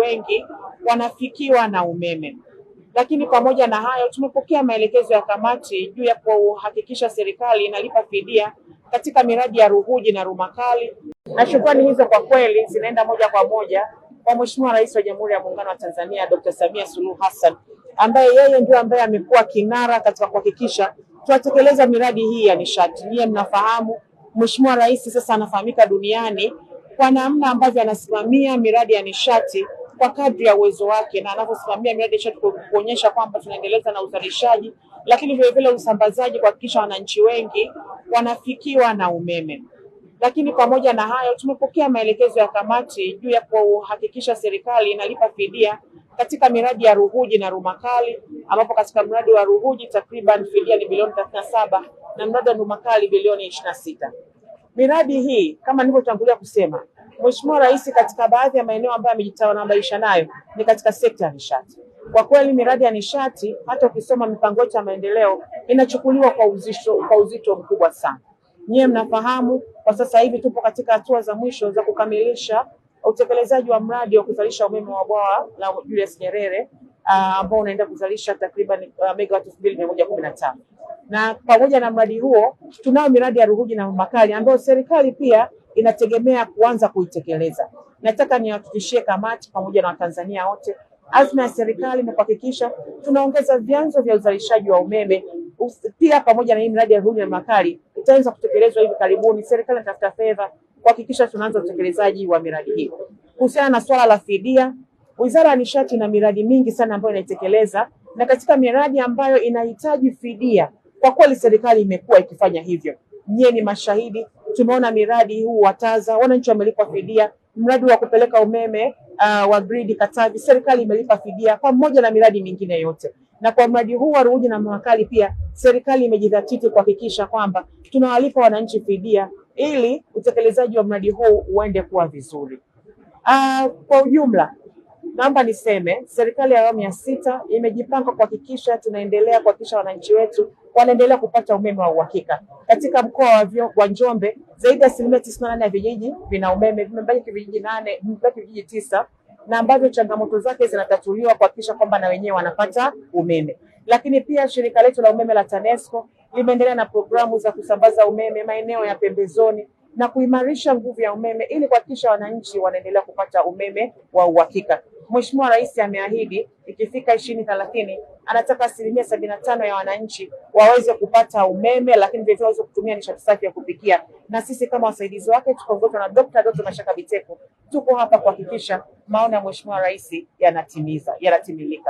wengi wanafikiwa na umeme. Lakini pamoja na hayo, tumepokea maelekezo ya kamati juu ya kuhakikisha serikali inalipa fidia katika miradi ya Ruhuji na Rumakali, na shukrani hizo kwa kweli zinaenda moja kwa moja kwa Mheshimiwa Rais wa Jamhuri ya Muungano wa Tanzania Dr. Samia Suluhu Hassan ambaye yeye ndio ambaye amekuwa kinara katika kuhakikisha tunatekeleza miradi hii ya nishati. Niye mnafahamu Mheshimiwa Rais sasa anafahamika duniani kwa namna ambavyo anasimamia miradi ya nishati kwa kadri ya uwezo wake na anavyosimamia miradi yetu kuonyesha kwamba tunaendeleza na uzalishaji, lakini vilevile usambazaji, kuhakikisha wananchi wengi wanafikiwa na umeme. Lakini pamoja na hayo, tumepokea maelekezo ya kamati juu ya kuhakikisha serikali inalipa fidia katika miradi ya Ruhuji na Rumakali, ambapo katika mradi wa Ruhuji takriban fidia ni bilioni thelathini na saba na mradi wa Rumakali bilioni ishirini na sita. Miradi hii kama nilivyotangulia kusema Mheshimiwa Rais katika baadhi ya maeneo ambayo amejitambulisha nayo ni katika sekta ya nishati. Kwa kweli miradi ya nishati, hata ukisoma mipango yote ya maendeleo inachukuliwa kwa uzito, kwa uzito mkubwa sana. Nyiwe mnafahamu kwa sasa hivi tupo katika hatua za mwisho za kukamilisha utekelezaji wa mradi wa kuzalisha umeme wa bwawa la Julius Nyerere ah, ambao uh, unaenda kuzalisha takriban uh, ah, megawati elfu mbili mia moja kumi na tano na pamoja na mradi huo tunayo miradi ya Ruhuji na Makali ambayo serikali pia inategemea kuanza kuitekeleza. Nataka niwahakikishie kamati pamoja na Watanzania wote azma ya serikali ni kuhakikisha tunaongeza vyanzo vya uzalishaji wa umeme pia pamoja na hii miradi ya huni ya Makali itaanza kutekelezwa hivi karibuni. Serikali inatafuta fedha kuhakikisha tunaanza utekelezaji wa miradi hii. Kuhusiana na swala la fidia, Wizara ya Nishati ina miradi mingi sana ambayo inaitekeleza, na katika miradi ambayo inahitaji fidia, kwa kweli serikali imekuwa ikifanya hivyo. Nyie ni mashahidi, tumeona miradi huu wa TAZA, wananchi wamelipwa fidia, mradi wa kupeleka umeme uh, wa gridi Katavi, serikali imelipa fidia pamoja na miradi mingine yote. Na kwa mradi huu wa Ruji na Mawakali pia serikali imejidhatiti kuhakikisha kwamba tunawalipa wananchi fidia ili utekelezaji wa mradi huu uende kuwa vizuri. Uh, kwa ujumla Naomba niseme serikali ya awamu ya sita imejipanga kuhakikisha tunaendelea kuhakikisha wananchi wetu wanaendelea kupata umeme wa uhakika. Katika mkoa wa Njombe, zaidi ya asilimia tisini na nane ya vijiji vina umeme, vimebaki vijiji nane, vimebaki vijiji tisa na ambavyo changamoto zake zinatatuliwa kuhakikisha kwamba na wenyewe wanapata umeme. Lakini pia shirika letu la umeme la TANESCO limeendelea na programu za kusambaza umeme maeneo ya pembezoni na kuimarisha nguvu ya umeme ili kuhakikisha wananchi wanaendelea kupata umeme wa uhakika. Mheshimiwa Rais ameahidi ikifika ishirini thelathini anataka asilimia sabini na tano ya wananchi waweze kupata umeme, lakini vilevile waweze kutumia nishati safi ya kupikia. Na sisi kama wasaidizi wake tukiongozwa na Dkt. Doto Mashaka Biteko tuko hapa kuhakikisha maono ya Mheshimiwa Rais yanatimiza yanatimilika.